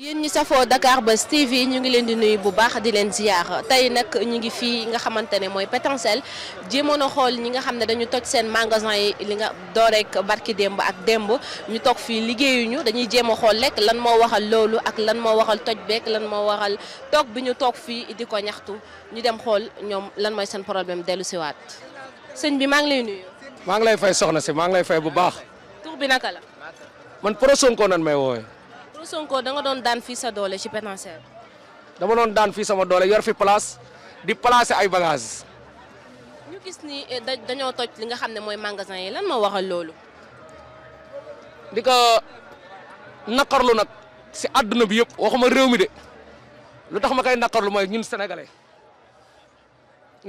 yéen ñi safoo Dakar Buzz TV ñu ngi leen di nuyu bu baax di leen ziar tey nag ñu ngi fii nga xamante ne mooy Pétancelle jéemoon a xool ñi nga xam ne dañu toj seen magasin yi li nga dooreek barki démb ak démb ñu toog fii liggéeyuñu dañuy jéem a xool rek lan moo waxal loolu ak lan moo waxal toj beek lan moo waxal toog bi ñu toog fii di ko ñaxtu ñu dem xool ñoom lan mooy seen problème dellu siwaat sëñ bi maa ngi lay nuyu. maa ngi lay fay soxna si maa ngi lay fay bu baax. tur bi naka la. man pro Sonko may woowee. pour Sonko da doon daan fii sa doole ci pénitentiaire. dama doon daan fii sama doole yor fi place di placer ay bagages. ñu gis ni eh, dañoo toj li nga xam ne mooy magasin yi lan moo waxal loolu. di ko naqarlu nag si àdduna bi yëpp waxuma réew mi de lu tax ma koy naqarlu mooy ñun sénégalais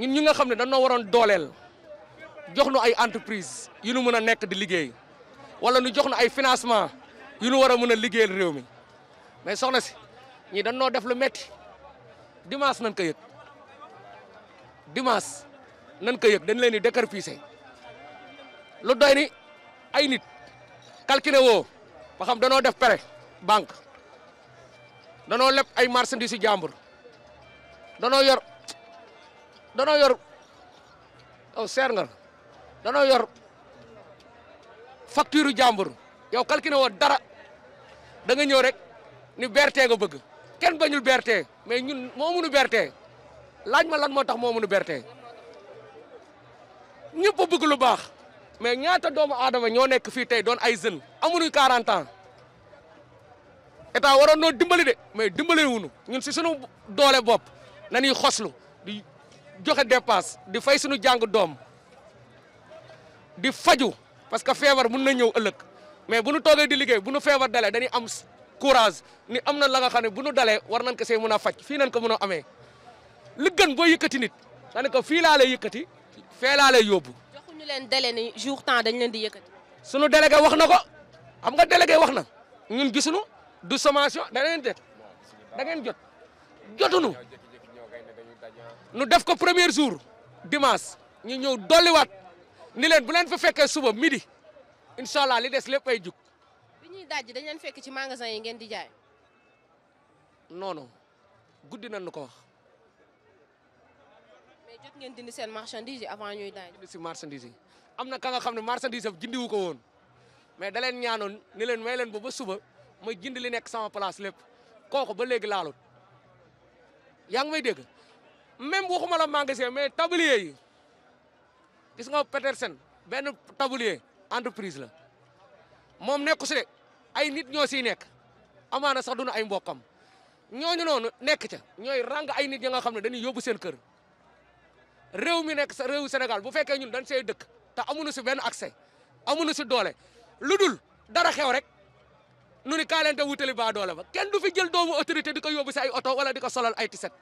ñun ñi nga xam ne dañoo waroon dooleel jox nu ay entreprise yu nu mën a nekk di liggéey wala nu jox nu ay financement. yu nu war a mën a liggéeyal réew mi mais soxna si ñii dañ noo def lu metti dimanche nañ ko yëg dimanche nañ ko yëg dañ leen di décarpiser lu doy ni ay nit calculé woo ba xam danoo def prêt banque danoo leb ay marchandises yu jàmbur danoo yor danoo yor aw seer nga danoo yor facture yu jàmbur yow woo dara da nga ñëw rek ni berte nga bëgg kenn bañul bertee mais ñun moomu munu bertee laaj ma lan moo tax moo munu bertee ñëpp a bëgg lu baax mais ñaata doomu aadama ñoo nekk fii tey doon ay jeunes amuñu 40 ans état waroon noo dimbali de mais dimbali wuñu ñun si suñu doole bopp nañuy xoslu di joxe dépasse di fay suñu jàng doom di faju parce que feebar mun na ñëw ëllëg mais bu nu toogee di liggéey bu nu feebar dalee dañuy am courage ni am na la nga xam ne bu nu dalee war nañ ko see mën a faj fii nañ ko mën a amee li gën boo yëkkati nit dañ ko fii laa lay yëkkati fee laa lay yóbbu. joxuñu leen délai ni jour temps dañ leen di yëkkati. sunu délégué wax na ko xam nga délégué wax na ñun gisuñu du sommation da ngeen jot da jot jotuñu nu def ko premier jour dimanche ñu ñëw dolliwaat ni leen bu leen fu fekkee suba midi. incha allah li des lépp ay jug. bi ñuy dajji dañ leen fekk ci magasin yi ngeen di jaay. non non guddi nañ ko wax. mais jot ngeen dindi seen marchandise avant ñuy daaj. dindi si marchandise yi am na ka nga xam ne marchandise am jëndiwu ko woon mais daleen leen ñaanoon ni leen may leen ba ba suba ma jënd li nekk sama place lépp kooku ba léegi laalut yaa ngi may dégg même waxuma la magasin mais tablier yi gis nga Petersen benn yee entreprise la moom nekku si de ay nit ñoo siy nekk amaana sax du na ay mbokkam ñooñu noonu nekk ca ñooy rang ay nit ya nga xam ne dañuy yóbbu seen kër réew mi nekk sa réewu Sénégal bu fekkee ñun dañ see dëkk te amuñu si benn accès amuñu si doole lu dul dara xew rek nu ni kaa leen te wutali baa doole ba kenn du fi jël doomu autorité di ko yóbbu si ay oto wala di ko solal ay tiset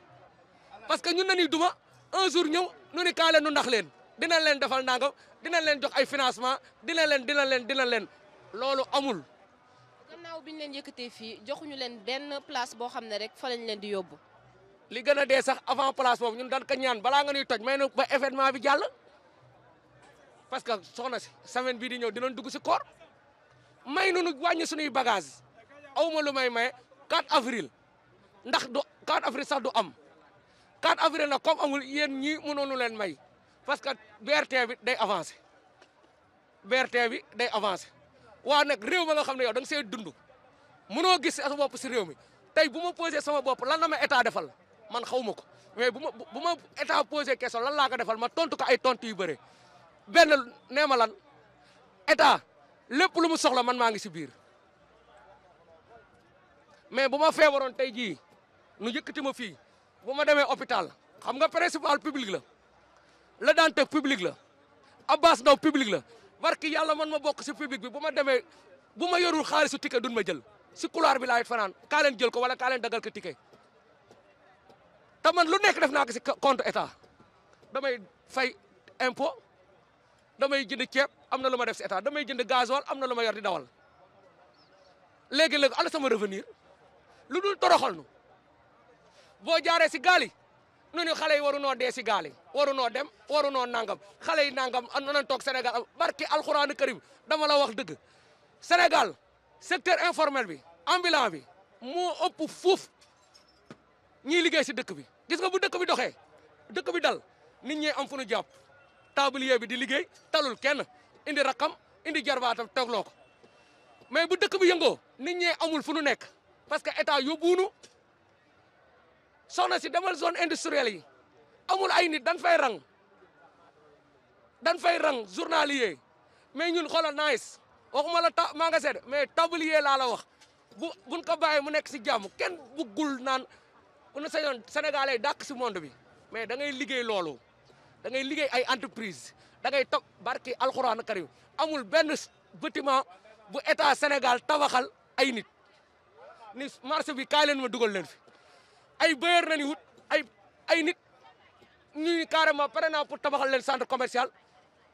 parce que ñun dañuy duma un jour ñëw nu ni kaa nu ndax leen dina leen defal nangam dinañ leen jox ay financement dinañ leen dinañ leen dinañ leen loolu amul. gannaaw bi ñu leen yëkkatee fii joxuñu leen benn place boo xam ne rek fa lañu leen di yóbbu. li gën a dee sax avant place boobu ñun daan ko ñaan balaa nga ñuy toj may na ba événement bi jàll. parce que soxna si semaine bii di ñëw dinañ dugg si koor may nu wàññi suñuy bagage aw ma lu may maye 4 avril ndax du 4 avril sax du am 4 avril nag comme amul yéen ñii mënoonu leen may. parce que BRT bi day avancé BRT bi day avancé waa nag réew ma nga xam ne yow da nga see dund mënoo gis sa bopp si réew mi tey bu ma posé sama bopp lan la ma état defal man xaw ma ko mais bu ma bu ma état posé question lan laa ko defal ma tontu ko ay tontu yu bëre benn nee ma lan état lépp lu mu soxla man maa ngi si biir mais bu ma feebaroon tey jii nu yëkkati ma fii bu ma demee hôpital xam nga principal public la. la daan teg public la Abbas Ndaw public la barki yàlla man ma bokk si public bi bu ma demee bu ma yorul xaalis su ticket duñ ma jël si couloir bi laay fanaan kaa leen jël ko wala kaa leen dagal ko ticket te man lu nekk def naa ko si compte état damay fay impôt damay jënd ceeb am na lu ma def si état damay jënd gasoil am na lu ma yor di dawal léegi-léegi ala sama revenir lu dul toroxal nu boo jaaree si gaal yi nu ñu xale yi waru noo dee si gaal yi noo dem waru noo nangam xale yi nangam am nañ toog Sénégal barki alxuraanu karim dama la wax dëgg Sénégal secteur informel bi ambulant bi moo ëpp fuuf ñiy liggéey si dëkk bi gis nga bu dëkk bi doxee dëkk bi dal nit ñi am fu ñu jàpp tablier bi di liggéey talul kenn indi rakam indi jarbaatam toogloo ko mais bu dëkk bi yëngoo nit ñi amul fu nu nekk parce que état yóbbuwunu soxna si demal zone industrielle yi amul ay nit dan fay rang dan fay rang journalier mais ñun xoolal nice ta maa nga seet mais tablier laa la wax bu buñ ko bàyyee mu nekk si jàmm kenn buggul naan bu na sañoon sénégalais dàq si monde bi mais da ngay liggéey loolu da ngay liggéey ay entreprise da ngay toog barki alxuraan karim amul benn bâtiment bu état Sénégal tabaxal ay nit ni marché bi kaay leen ma dugal leen fi ay bailleur nañu wut ay ay nit ñu ni carrément pare naa pour tabaxal leen centre commercial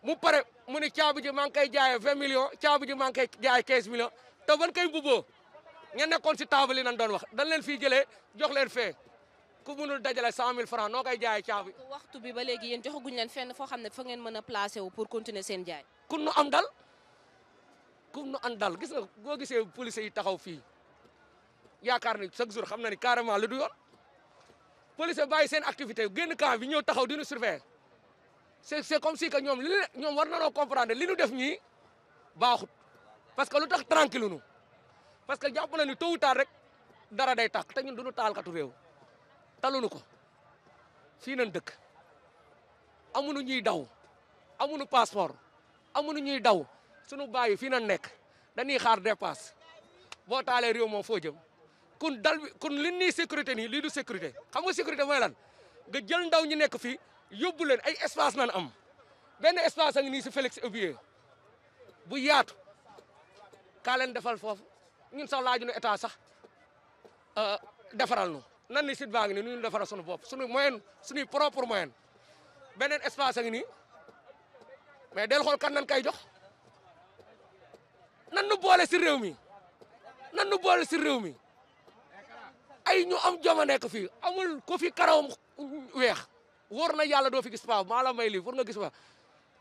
mu pare mu ni caabi ji maa ngi koy vingt 20 millions caabi ji maa ngi koy jaayee 15 millions te ban koy mbubboo ña nekkoon si table yi nañ doon wax dañ leen fii jëlee jox leen fee ku mënul dajale mille francs noo koy jaayee caabi. waxtu bi ba léegi yéen joxaguñ leen fenn foo xam ne fa ngeen mën a placé wu pour continuer seen jaay. kun nu am dal kun nu am dal gis nga boo gisee police yi taxaw fii yaakaar ni chaque jour xam na ni carrément lu du yoon. police bàyyi seen activité génn camp bi ñëw taxaw di ñu surveiller c'est comme si que ñoom li ñoom war nanoo comprendre li ñu def ñii baaxut parce que lu tax tranquille nu parce que jàpp na ni tôt ou tard rek dara day tàkk te ñun duñu taalkatu réew talunu ko fii nañ dëkk amu amuñu ñuy daw amu amuñu passeport amuñu ñuy daw su suñu bàyyi fii nan nekk dañuy xaar dépasse boo taalee réew moom foo jëm kun dal bi kun li sécurité nii lii du sécurité xam sécurité mooy lan nga jël ndaw ñi nekk fii yóbbu leen ay espace nan am benn espace a ngi nii si Félix Obier bu yaatu kaa leen defal foofu ñun sax laaju nu état sax euh, defaral nu nan ni site baa ngi nii nu ñu defaral suñu bopp suñu moyen suñuy propre moyen beneen espace a ngi nii mais del xool kan nan kay jox nan nu boole si réew mi nan nu boole si réew mi ay ñu am joma nekk fii amul kofi fi weex wóor na yàlla doo fi gis paa maa la may lii pour nga gis paa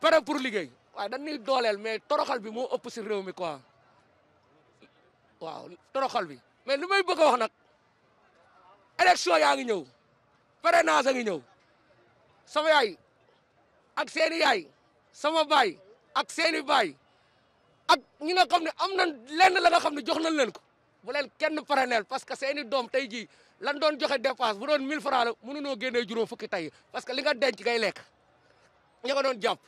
pare pour liggéey dan dañuy dooleel mais toroxal bi moo ëpp si réew mi waaw toroxal bi mais li may bëgg a wax nag élection yaa ngi ñëw parrainage a ngi ñëw sama yaay ak seeni yaay sama baay ak seeni baay ak ñi nga xam ne am na lenn la nga xam ne jox nañ leen ko bu leen kenn freneel parce que seeni doom tey jii lan doon joxe dépense bu doon 1000 francs la mënunoo génnee juróom fukki tey parce que li nga denc ngay lekk ña ko doon jàpp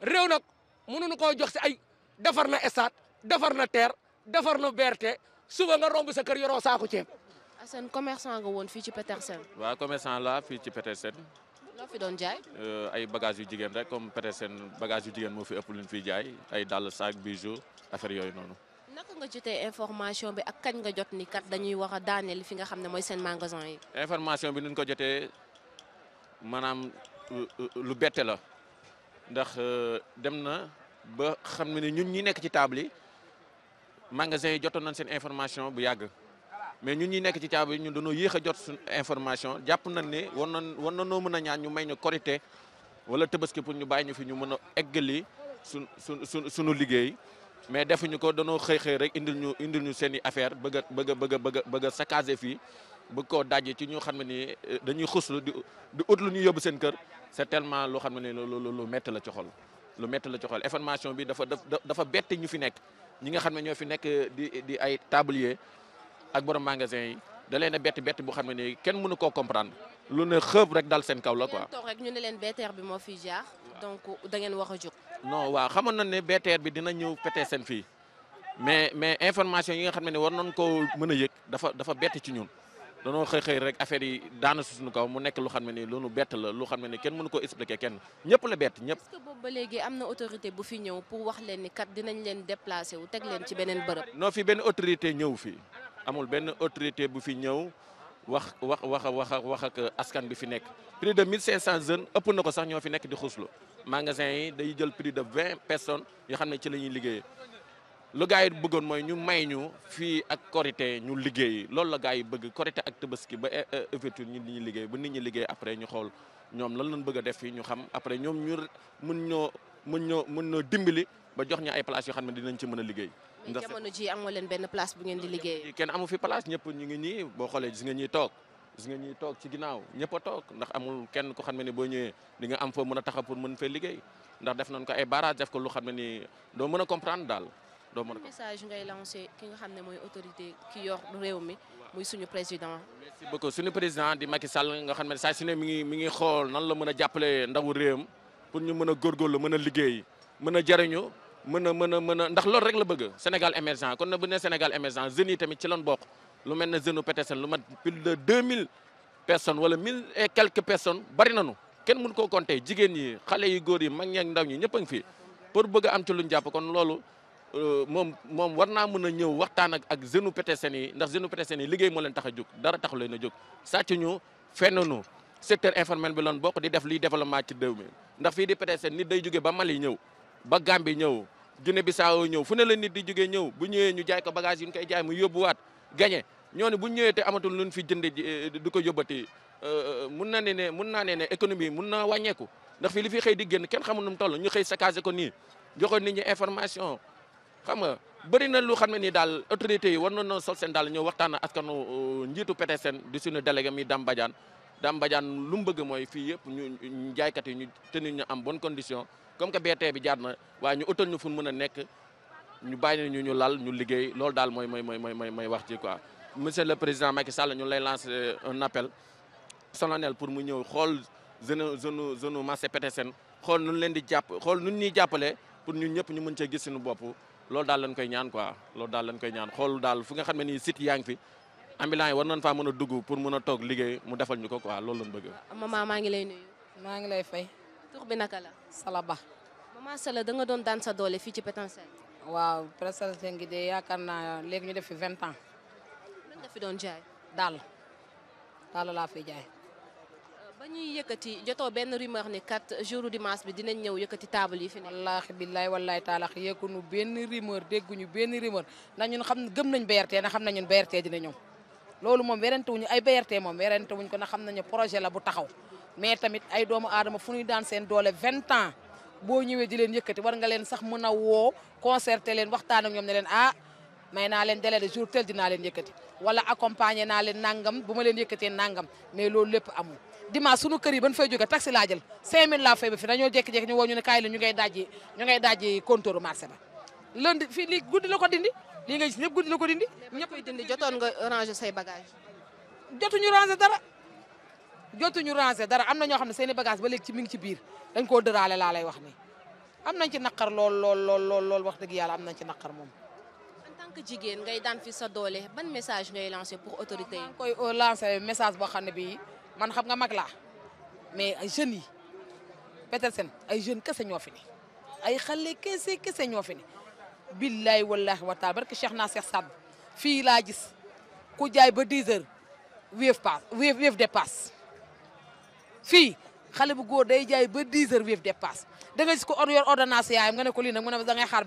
réew nag mënuñu koo jox si ay defar na stade defar na terre defar na berte suba nga romb sa kër yoroo saako ceeb. Assane commerçant nga woon fii ci Petersen. waa commerçant laa fi ci Petersen. loo fi doon jaay. Euh, ay bagages yu jigéen rek comme Petersen bagages yu jigéen moo fi ëpp lu ñu fiy jaay ay dàll saak bijoux affaire yooyu noonu. naka nga jotee information bi ak kañ nga jot ni kat dañuy war a daaneel fi nga xam ne mooy seen magasin yi. information bi nuñ ko jotee maanaam lu bette la ndax euh, dem na ba xam ne ñun ñi nekk ci table yi magasin yi jotoon nañ seen information bu yàgg. mais ñun ñi nekk ci caabi ñun dañoo yéex a jot suñu information jàpp nañ ne war nañ war nañoo mën a ñaan ñu may ñu korité wala tabaski pour ñu bàyyi ñu fi ñu mën a eggali suñ suñ suñu liggéey mais defuñu ko danoo xëy xëy rek indil ñu indil ñu seen i affaire bëgg a bëgg a bëgg a bëgg a bëgg a saccager fii bëgg koo dajji ci ñu xam ne ni euh, dañuy xuslu di di ut lu ñuy yóbbu seen kër c'est tellement loo xam ne ni lu métti la ci xol lu métti la ci xol information bi dafa dafa bett ñu fi nekk ñi nga xam ne ñoo fi nekk di di ay tablier ak borom magasin yi da leen a bett bett bu xam ne ni kenn mënu koo comprendre lu ne xëb rek dal seen kaw la quoi. ñu ne leen BTR bi moo fi jaar donc da ngeen non waa xamoon na ne beteer bi dina ñëw Petersen fii mais mais information yi nga xam ne war nañ koo mën a yëg dafa dafa bett ci ñun danoo xëy xëy rek affaire yi daana suñu kaw mu nekk lu xam ne ni loolu bett la lu xam ne ni kenn mënu ko expliquer kenn ñëpp la bett ñëpp. ba léegi am na autorité bu fi ñëw pour wax leen ni kat dinañ leen déplacer wu teg leen ci beneen bërëb. non fi benn autorité ñëw fii amul benn autorité bu fi ñëw. wax wax wax wax wax ak askan bi fi nekk plus de 1500 jeunes ëpp na ko sax ñoo fi nekk di xuslu magasin yi day jël plus de vingt personnes yoo xam ne ci la ñuy liggéeyee lu gars yi bëggoon mooy ñu may ñu fii ak korité ñu liggéey loolu la gars yi bëgg korité ak tabaski ba eh, eh, ouverture ñu ñuy liggéey ba nit ñi liggéey après ñu xool ñoom lan lañ bëgg a def fii ñu xam après ñoom ñu mun ñoo mun ñoo mun ñoo dimbali ba jox ñu ay places yoo xam ne dinañ ci mën a liggéey. ndax jamono ji amoo leen benn place bu kenn amu fi place ñëpp ñu ngi ñii boo xoolee gis nga ñuy toog. gis nga ñuy toog ci ginnaaw ñëpp toog ndax amul kenn ko xam ne ni boo ñëwee di nga am foo mën a taxaw pour mën fee liggéey ndax def nañ ko ay barrage def ko lu xam ne ni doo mën a comprendre daal doo mën a message ngay lancé ki nga xam ne mooy autorité ki yor réew mi suñu président merci suñu président di Macky Sall nga xam ne saa su ne mi ngi mi ngi xool nan la mën a jàppale ndawu réewam pour ñu mën a góorgóorlu mën a liggéey mën a jariñu mën a mën a mën a ndax loolu rek la bëgg Sénégal émergent kon na bu ne Sénégal émergent jeunes yi tamit ci lan bokk lu mel ne jeune Petersen lu mat plus de deux mille personnes wala mille et quelques personnes bari nañu kenn mun ko compter jigéen ñi xale yu góor yi mag ñi ak ndaw ñi ñëpp a ngi fi pour bëgg am ci luñ jàpp kon loolu euh, moom moom war naa mën a ñëw waxtaan ak ak jeune Petersen yi ndax jeune Petersen yi liggéey moo leen tax a jóg dara taxu leen a jóg sàcc ñu fenn ñu secteur informel bi loon bokk di def li développement ci réew mi ndax fii di Petersen nit day jóge ba Mali ñëw ba Gambie ñëw Guinée Bissau ñëw fu ne la nit di jógee ñëw bu ñëwee ñu jaay ko bagage yu ñu koy jaay mu yóbbuwaat gagné ñooñu bu ñëwee te amatul luñ fi jënd eh, di ko yóbbati eh, eh, mun na ne ne mun naa ne ne économie mun na wàññeeku ndax fii li fi xëy di génn kenn xamul nu mu toll ñu xëy saccagé ko nii joxoon nit information xam nga bëri na lu xam ne ni daal autorités yi war na noo sol seen daal ñëw waxtaan ak askanu njiitu PTSN di suñu délégué mi Dame Badiane Dame Badiane lu mu bëgg mooy fii yëpp ñu jaaykat yi ñu tenu ñu am bonne condition comme que BT bi jaar na waa ñu utal ñu fu mën a nekk ñu bàyyi ñu ñu lal ñu liggéey loolu daal mooy mooy mooy mooy mooy wax ci quoi monsieur le président Macky Sall ñu lay lancer euh, un appel solennel pour mu ñëw xool zone zone zone marché Petersen xool nu leen di jàpp xool nu ñuy jàppale pour ñun ñëpp ñu mën cee gis suñu bopp loolu daal lañ koy ñaan quoi loolu daal lañ koy ñaan xool daal fu nga xam ne nii site yaa ngi fi ambulants war nañ faa mën a dugg pour mën a toog liggéey mu defal ñu ko quoi lool lañ bëgg. maman maa ngi lay nuyu. maa ngi lay fay. tur bi naka la. Salaba. maman Sala da doon daan sa doole fii ci Petersen. waaw Petersen ñu def fi vingt ans. nga fi doon jaay. dàll dàll laa fi jaay. Euh, ba ñuy yëkkati jotoo benn rumeur ni kat jour dimanche bi dinañ ñëw yëkkati table yi fi ne. wallaahi billaahi wallaahi taala yëkkunu benn rumeur dégguñu benn rumeur ndax ñun xam gëm nañ BRT na xam nañ ñun BRT dina ñëw. loolu moom werante wuñu ay BRT moom werante wuñ ko na xam nañu projet la bu taxaw mais tamit ay doomu aadama fu ñuy daan seen doole vingt ans boo ñëwee di leen yëkkati war nga leen sax mën a woo concerté leen waxtaan ak ñoom may naa leen délai de jour tel dinaa leen yëkkati wala accompagner naa leen nangam bu ma leen yëkkatee nangam mais loolu lépp amul dimanche sunu kër yi ban fay jóge taxi laa jël 5000 laa fay ba fi dañoo jékki-jékki ñu woo ñu ne kaay la ñu ngay dajji ñu ngay dajji fii lii guddi la ko dindi lii nga gis ñëpp la ko dindi ñëpp koy dindi jotoon nga ranger say bagage jotuñu ranger dara jotuñu ranger dara am na ñoo xam ne seen i bagage ba léegi ci mi ngi ci biir dañ koo dëraale laa lay wax nii am nañ ci naqar lool lool lool lool lool wax dëgg yàlla am nañ ci naqar moom que jigéen ngay daan fi sa doole ban message ngay lancé pour autorité yi. koy euh, lancé message boo xam ne bii man xam nga mag la mais ay jeunes yi Petersen ay jeunes kese ñoo fi ay xale kese kese ñoo fi ne. billaay wallaahi wa taala barke Cheikh naa Cheikh Saad fii laa gis ku jaay ba 10 heures wéef paas wéef wéef dépasse fii xale bu góor day jaay ba 10 heures wéef dépasse da nga gis ko or yor ordonnance yaayam nga ne ko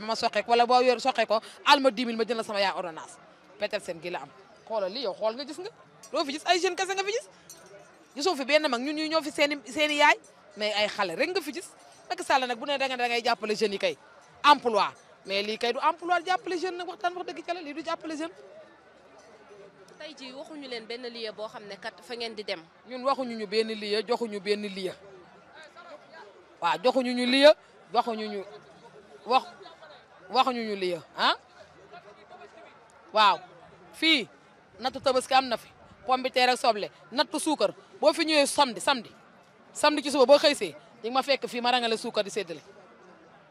ma soqee wala boo yor soqee ko ma 10 la sama yaay ordonnance petel gi la am xoolal li yow nga gis nga doo fi gis ay jeune fi gis gisoo mag ñun ñu ñoo fi seen i seen i yaay mais ay xale rek nga fi gis nag bu ne da nga da ngay jàppale jeunes yi kay emploi mais lii kay du emploi dëgg ca la du jàppale jeune tey ji waxuñu leen benn lieu boo xam ne kat fa ngeen di dem. ñun waxuñu ñu benn lieu joxuñu benn lieu waa joxuñu ñu lieu waxuñu ñu wax waxuñu ñu lieu ah waaw fii nattu tabaski am na fi pombiteer ak soble nattu suukar boo fi ñëwee samedi samedi samedi ci suba boo xëy see di ma fekk fii ma rangale suukar di séddale.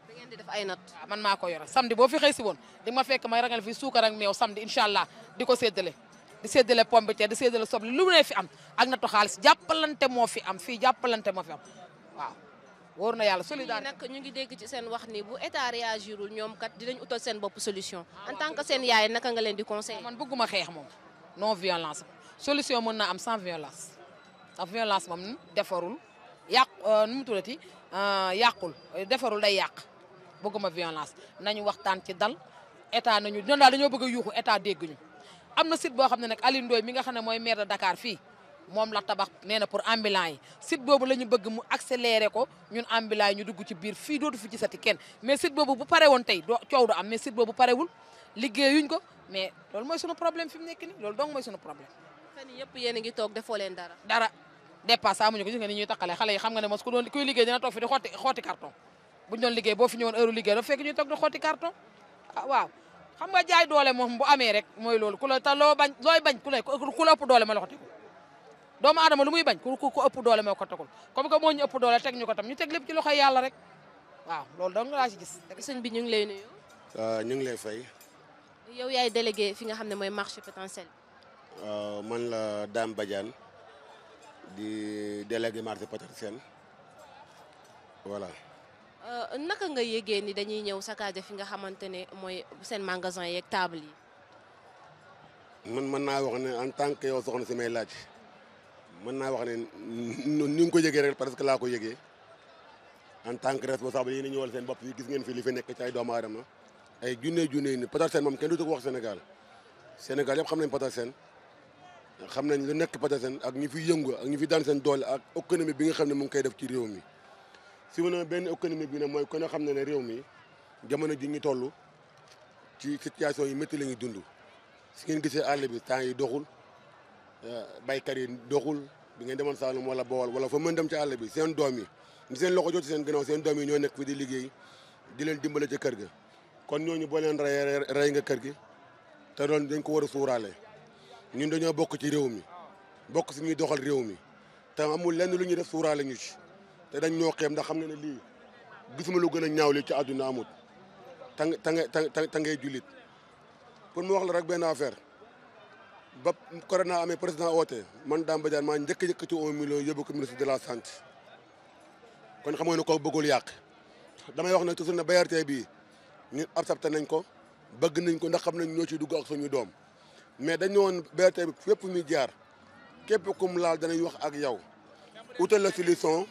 da ngeen di ay natt. man maa ko yore samedi boo fi xëy si woon di ma fekk ma rangale fii suukar ak meew samdi incha allah di ko séddale. di séddale pomme de terre di séddale soble lu ne fi am ak nattu xaalis jàppalante moo fi am fii jàppalante moo fi am waaw wóor na yàlla solidarité nag ñu ngi dégg ci seen wax ni bu état réagirul ñoom kat dinañ utal seen boppu solution en tant que seen yaay naka nga leen di conseiller man bëgguma xeex moom non violence solution mën naa am sans violence ndax violence moom defarul yàq euh, nu mu tuddati euh, yàqul defarul day yàq bëgguma violence nañu waxtaan ci dal état nañu ñun daal dañoo bëgg a yuuxu état dégg ñu am na site boo xam ne nag alin Ndoye mi nga xam ne mooy maire de Dakar fii moom la tabax nee na pour ambulant yi site boobu la ñu bëgg mu accéléré ko ñun ambulant yi ñu dugg ci biir fii dootu fi gisati kenn mais site boobu bu pare woon tey doo coow du am mais site boobu parewul liggéeyuñ ko mais loolu mooy sunu problème fi mu nekk nii loolu dong mooy sunu problème. fan yëpp yéen a ngi toog defoo leen dara. dara dépasse xale yi xam nga ne mos ku doon kuy liggéey dina toog fi di xooti xooti carton buñ liggée liggéey boo fi ñëwoon heure ah, waaw xam nga jaay doole moom bu amee rek mooy loolu ku la te loo bañ looy bañ ku ne ku la ëpp doole ma la doomu adama lu muy bañ ku ku ëpp doole ma ko tegul comme que moo ñu ëpp doole teg ñu ko tam ñu teg lépp ci loxoy yàlla rek waaw loolu dong laa si gis. sëñ bi ñu ngi lay nuyu. ñu ngi lay fay. yow yaay délégué fi nga xam ne mooy marché potentiel. man la Dame Badiane di délégué marché potentiel voilà. Euh, naka nga yégee ni dañuy ñëw saccagé fi nga xamante ne mooy seen magasin yeeg table yi. man mën naa wax ne en tant que yow soxna laaj mën naa wax ne ni nga ko yëgee rek laa ko yëgee en tant que responsable yi ni ñëwal seen bopp yi gis ngeen fi li fi nekk ci ay doomu aadama ay junne junne ni Petersen moom kenn du ko wax Sénégal Sénégal yëpp xam nañ Petersen xam nañ lu nekk Petersen ak ñi fi yëngu ak ñi fi daan seen doole ak économie bi nga xam ne mu ngi koy def ci réew mi. si mën a benn économique bi ne mooy kon ne xam ne ne réew mi jamono ji ñu toll ci situation yi métti la ñuy dund si ngeen gisee àll bi temps yi doxul euh, baykat yi doxul bi ngeen demoon Saalum wala Bawol wala fa mën dem ci àll bi seen doom yi ñu seen loxo jot seen gannaaw seen doom yi ñoo nekk fi di liggéey di leen dimbale ca kër gi kon ñooñu boo leen rey nga kër gi te doon dañ ko war a suuraale ñun dañoo bokk ci réew mi bokk si ñuy doxal réew mi te amul lenn lu ñuy def suuraale ñu ci te dañ ñoo xeeb ndax xam nga ne lii gisuma lu gën a ñaaw li ci àdduna amut ta ta ta ta ngay jullit pour mu wax la rek benn affaire ba corona amee président oote man Dame Badiane maa njëkk a yëkkati un million yóbbu ko ministre de la santé kon xam nga nu ko bëggul yàq damay wax ne toujours ne BRT bii ñun accepté nañ ko bëgg nañ ko ndax xam nañ ñoo ci dugg ak suñu doom mais dañu woon BRT bi fépp mi jaar képp kum laal danañ wax ak yow utal la solution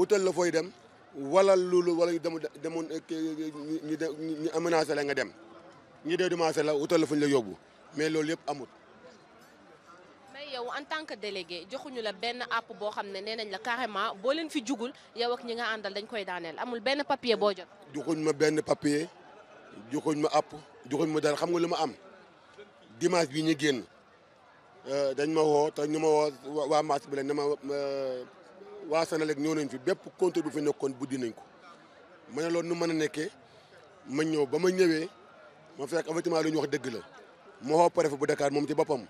utal la fooy dem wala loolu wala ñu demoon ñu ñu aménagé nga dem ñu dee démenacé la utal la fu la yóbbu mais loolu yëpp amut. mais yow en tant que délégué joxuñu la benn app boo xam ne nee nañ la carrément boo leen fi jugul yow ak ñi nga àndal dañ koy daaneel amul benn papiye boo jot. joxuñ ma benn papier joxuñ ma app joxuñ ma dara xam nga lu ma am dimanche bi ñu génn euh, dañ ma woo te ñu ma woo waa marché bi la ne ma. Euh, waa Senelec ñëw nañ fi bépp compteur bu fi nekkoon buddi dinañ ko ma ne loolu nu mën a nekkee ma ñëw ba ma ñëwee ma fekk effectivement lu ñu wax dëgg la ma woo préfet bu Dakar moom ci boppam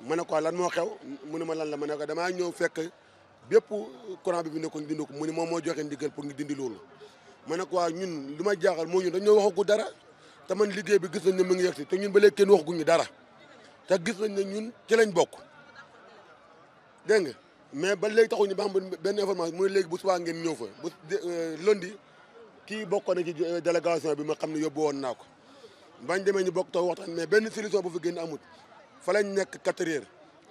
ma ne ko lan moo xew mu ne ma lan la ma ne ko damaa ñëw fekk bépp courant bi fi nekkoon dindi ko mu ne moom moo joxe ndigal pour ngi dindi ma ne ko ñun lu ma jaaxal moo ñun dañoo waxagu dara te man liggéey bi gis nañ ne mu ngi yegsi te ñun ba léegi kenn waxaguñu dara te gis nañ ne ñun ci lañ bokk dégg nga mais ba léegi taxuñu ba xam benn information mu ne léegi bu subaa ngeen ñëw fa bu euh, lundi kii bokkoon na ci euh, bi ma xam ne yóbbu woon naa ko bañ demee ñu bokk toog waxtaan mais benn solution bu fi génn amut fa lañ nekk quatre heures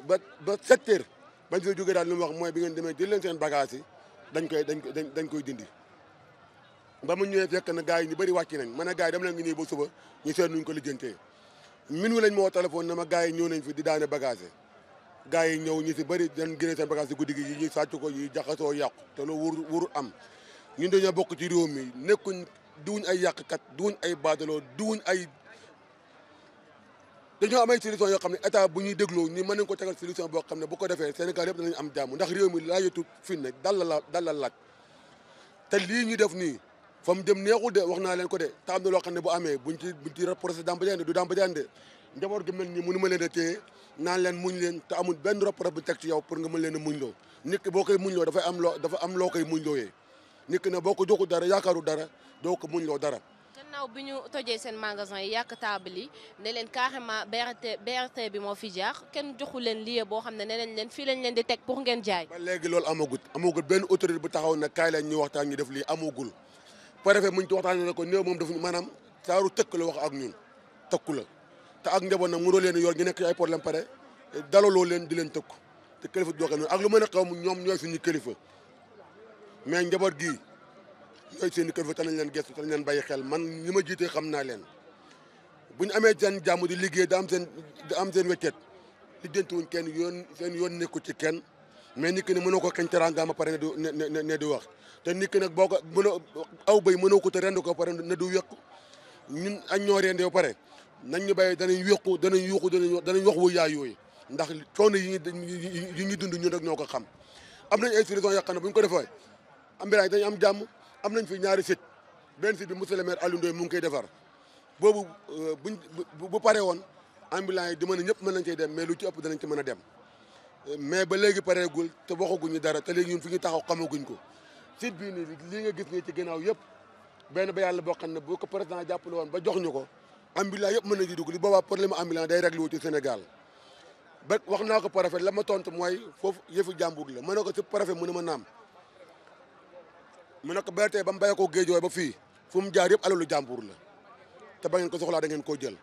ba ba sept bañ fi jógee daal li wax mooy bi ngeen demee jël leen seen bagage yi dañ koy dañ koy dañ koy dindi. ba mu ñëwee fekk na gars yi ñu bëri wàcc nañ ma ne gars yi dama leen ngi nii ba suba ñu seet nuñ ko lijjantee min wi lañ ma woo na ma yi ñëw nañ fi di daane bagage gars yi ñëw ñu si bari dañ génne seen bagage si guddi gi ñuy sàcc ko ñuy jaxasoo yàqu te loolu wur wuru am ñun dañoo bokk ci réew mi nekkuñ duwuñ ay yàqkat duwuñ ay baadaloo duwuñ ay dañoo am ay solution yoo xam ne état bu ñuy dégloo ñu mën nañ ko tegal solution boo xam ne bu ko defee Sénégal yëpp am jàmm ndax réew mi laajatu fi ne dal la dal la te lii ñu def nii fa jëm neexul de wax naa leen ko de te am loo xam ne bu amee buñ ci buñ ci procès Dame Badiane du Dame Badiane de njaboot gi ñi nii mënu ma leen a téye naan leen muñ leen te amul benn rop-rop bu teg ci yow pour nga mën leen a muñ loo nit boo koy muñ loo dafay am loo dafa am loo koy muñ looyee nit ki ne boo ko joxu dara yaakaaru dara doo ko muñ loo dara. naaw bi ñu tojee seen magasin yi yàq taabal yi ne leen carrément BRT BRT bi moo fi jaar kenn joxu leen lieu boo xam ne ne leen leen fii lañ leen di teg pour ngeen jaay. ba léegi loolu amagut amagul benn autorité bu taxaw na kaay leen ñu waxtaan ñu def lii amagul préfet muñ ci waxtaanee ne ko néew moom dafa maanaam saaru tëkk la wax ak ñun tëkku la te ak njaboot nag mënoo leen yor ñu nekk ay problème pare dalaloo leen di leen tëkku te kilifa joxe noonu ak lu mën a xaw ñoom ñooy suñu kilifa mais njaboot gi ñooy seen kilifa te leen gestu te nañ leen bàyyi xel man li ma jiitee xam naa leen bu ñu amee seen jàmm di liggéey da am seen am seen wéccet lijjanti wuñ kenn yoon seen yoon nekku ci kenn mais nit ki ne mënoo ko kañ teraanga ma pare ne du ne di wax te nit ki nag boo ko mënoo aw béy mënoo ko te rend ko pare ne du yëkku ñun ak ñoo rende ba pare nañ ñu béy danañ yokku danañ yuuxu danañ danañ wax wu yaay yooyu ndax coono yi yi ñuy dund ñun rek ñoo ko xam am nañ ay solution yoo xam ne bu ñu ko defee ambulance dañ am jàmm am nañ fi ñaari site benn site bi monsieur le maire Aliou Ndoye mu ngi koy defar boobu euh, buñ bu pare woon ambulance yi di mën a ñëpp mën nañ cey dem mais lu ci ëpp danañ ci mën a dem mais ba léegi pareegul te waxaguñu dara te léegi ñun fi ñu taxaw xamaguñ ko site bii nii lii nga gis nii ci gannaaw yëpp benn ba yàlla boo xam ne bu ko président jàppale woon ba jox ko ambulant yëpp mën nañu dugg li boobaa problème ambulant day réglé wu ci Sénégal ba wax naa ko préfet la ma tontu mooy foofu yëfu jàmbur la ma ne ko si préfet mu ne ma naam mu ne ko bertee ba mu béyee ko géejooy ba fii fu mu jaar yëpp alalu jàmbur la te ba ngeen ko soxlaa da ngeen koo jël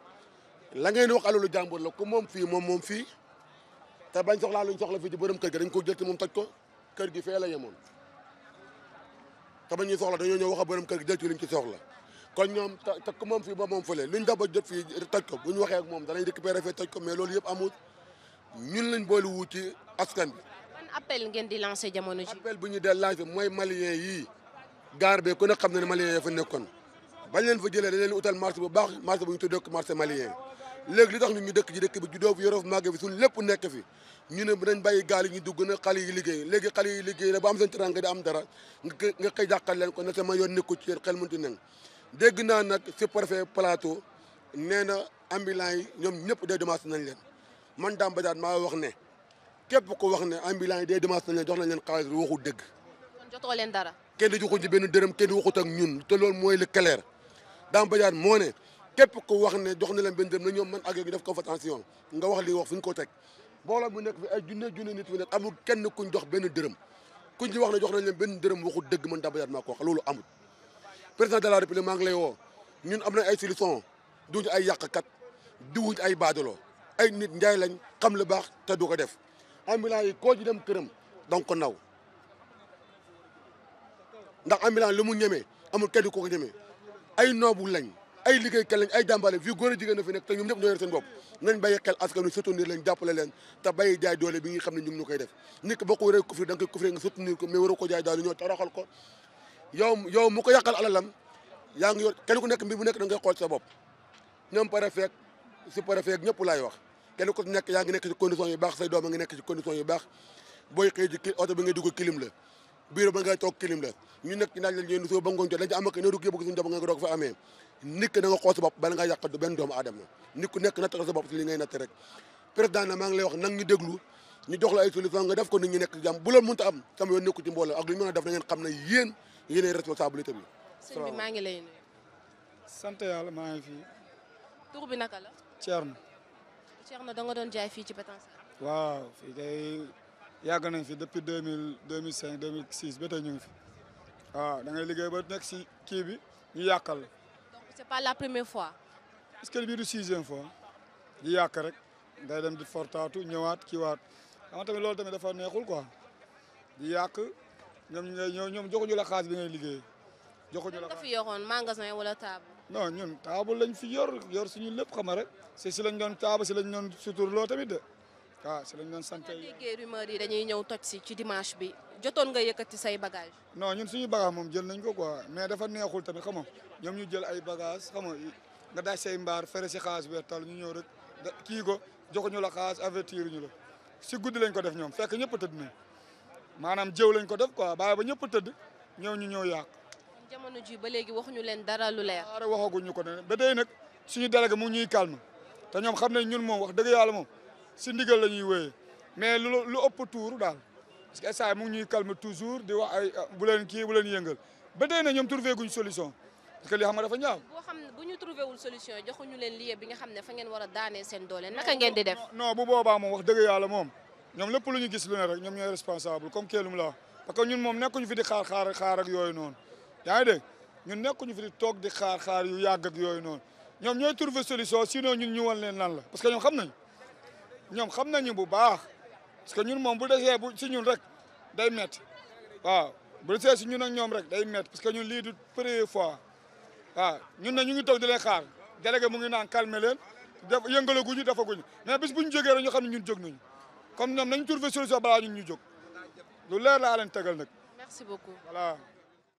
la ngeen wax alalu jàmbur la ku moom fii moom moom fii te bañ soxlaa luñ soxla fii ci borom kër gi dañ ko jël te moom toj ko kër gi fee la yemoon te bañ ñuy soxla dañoo ñëw wax a borom kër gi jël ci liñ ci kon ñoom te moom fii ba moom fële luñ daba jot fii toj ko bu ñu waxee ak moom danañ récupérer fee toj ko mais loolu yëpp amul ñun lañ boole wu ci askan bi. ban appel ngeen di lancé jamono ji. appel bu ñu dee lancé mooy malien yii gaar bee ku ne xam na ne malien ya fa nekkoon bañ leen fa jëlee dañ leen utal marché bu baax marché bu ñu tuddee ko marché malien léegi li tax ñun ñu dëkk ji dëkk bi juddoo fi yoroo fi màggee fi suñu lépp nekk fi ñu ne dañ bàyyi gaal ñu dugg na xale yi liggéey léegi xale yi liggéey na ba am seen am dara nga koy leen ko na sama yoon nekku ci yéen xel mënti nen dégg naa nag si préfet plateau nee na ambulants yi ñoom ñëpp day démarché nañ leen man Dame Badiane maa wax ne képp ko wax ne ambulants yi day démarché nañ leen jox nañ leen xaalis bi waxu dëgg. kon leen dara. kenn di joxuñ ci benn dërëm kenn waxut ak ñun te loolu mooy le clair Dame Badiane moo ne képp ko wax ne jox na leen benn dërëm na ñoom man ak yooyu def ko attention nga wax li wax fu ñu ko teg. booloo bu nekk fi ay junne junne nit fi nekk amul kenn kuñ jox benn dërëm kuñ ji wax ne jox nañ leen benn dërëm waxu dëgg man Dame Badiane maa ko wax loolu amul. président de la république maa ngi lay woo ñun am nañ ay solution duñu ay yàqkat kat wuñ ay baadolo ay nit njaay lañ xam lu baax te du ko def ambulant yi koo ji dem këram donc ko naw ndax ambulant lu mu ñemee amul kenn ko ko ñemee ay noobu lañ ay liggéeykat lañ ay jàmbaale fii góor a jigéen na fi nekk te ñoom ñëpp ñoo yor seen bopp nañ bàyyi xel askan wi soutenir leen jàppale leen te bàyyi jaay doole bi nga xam ne ñu ngi ko def nit ki boo ko waree kufri da nga koy kufri nga ko mais waroo ñoo toroxal ko yow yow mu ko yàqal alalam yaa ngi yor kenn ku nekk mbir bu nekk da ngay xool sa bopp ñoom préfet si préfet ñëpp laay wax kenn ku nekk yaa ngi nekk ci condition a ngi nekk ci condition yu baax booy xëy ci oto bi ngay dugg kilim la sa bopp bala nga yàq du benn doomu aadama nit ku nekk natt sa bopp si li ngay natt rek président na maa ngi lay wax nang ñu déglu ñu jox la ay solution nga def ko nit ñi nekk jàmm bu la mënta am sama yoon nekku ci mbooloo ak lu ñu mën a def na ngeen xam ne yéen yéenay responsabilité bi. bi maa ngi lay sant yàlla maa ngi fi. tur bi naka la. Thierno. Thierno da nga doon jaay fii ci Pétansar. waaw fii kay yàgg nañ fi depuis deux mille deux mille cinq deux mille six ba tey ñu ngi fi waaw da liggéey ba nekk si kii bi ñu yàqal la. donc c'est pas la première fois. est-ce que bii du sixième fois. di yàq rek day dem di fortaatu ñëwaat kiiwaat xam tamit loolu tamit dafa neexul ko di yàq. ñoom ñoom ñoom joxuñu la xaalis bi ngay liggéey. joxuñu la xaalis fi yoroon magasin wala table. non ñun table lañ fi yor yor suñu lépp xam rek c'est si lañ doon table si lañ doon suturloo tamit de waaw si lañ doon sant. bu yi dañuy ñëw toj si ci dimanche bi jotoon nga yëkkati say bagage non ñun suñu bagage moom jël nañ ko quoi mais dafa neexul tamit xam nga ñoom ñu jël ay bagage xam nga nga daaj mbaar fere si xaalis weer tal ñu ñëw rek kii ko joxuñu la xaalis avertir ñu la si guddi lañ ko def ñoom fekk ñëpp tëdd nañ maanaam jëw lañ ko def quoi bàyyi ba ñëpp tëdd ñëw ñu ñëw yàq. jamono ji ba léegi waxuñu leen dara lu leer. dara waxaguñu ko ne ba tey nag suñu délégué mu ñuy calme te ñoom xam nañ ñun moom wax dëgg yàlla moom si ndigal la ñuy wéyee mais lu lu ëpp tuur daal parce que saa mu ngi ñuy calme toujours di wax ay bu leen kii bu leen yëngal ba tey nag ñoom trouvé guñ solution parce que li xam nga dafa ñaaw. bu ñu trouvé solution joxuñu leen lieu bi nga xam ne fa ngeen war a daanee seen doole naka ngeen di def. no bu boobaa moom wax dëgg yàlla moom ñoom lépp lu ñu gis lu ne rek ñoom ñooy responsable comme Kéloum la parce que ñun moom nekkuñu fi di yaa ngi dégg nekkuñu fi di toog di xaar xaar yàgg ak yooyu noonu ñoom ñooy trouver solution sinon ñun ñu wan leen lan la parce que ñoom xam nañ ñoom xam nañu bu baax parce que ñun moom bu desee bu si ñun rek day métti waaw bu desee si ñun ak ñoom rek day métti parce que ñun lii du première fois waaw ñun na ñu ngi toog di leen xaar délégué mu ngi naan calmer leen def yëngalaguñu ñu mais bis bu ñu jógee rek ñu xam ne ñun jóg nañu comme ñoom nañu trouvé solution balaa ñun ñu jóg lu leer laa leen tegal nag. merci beaucoup voilà.